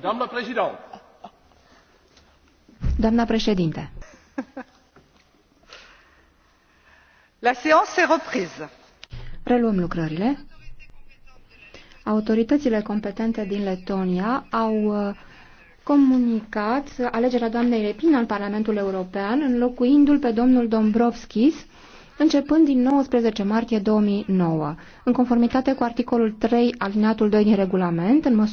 Doamna președinte. Doamna președinte. La séance est reprise. Reluăm lucrările. Autoritățile competente din Letonia au uh, comunicat alegerea doamnei Repin în Parlamentul European, înlocuindu-l pe domnul Dombrovskis, începând din 19 martie 2009, în conformitate cu articolul 3 alineatul 2 din regulament, în măsură